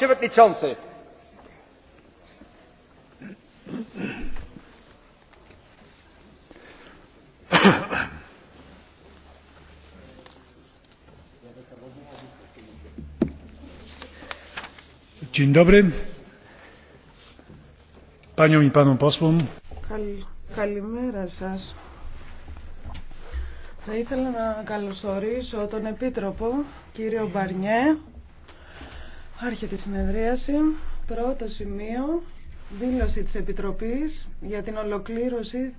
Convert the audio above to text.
przewodniczący! Dzień dobry. Paniom i panom posłom. Καλημέρα σας. Θα ήθελα να καλωσορίσω τον Επίτροπο, κύριο Μπαρνιέ, Άρχεται η συνεδρίαση. Πρώτο σημείο, δήλωση της Επιτροπής για την ολοκλήρωση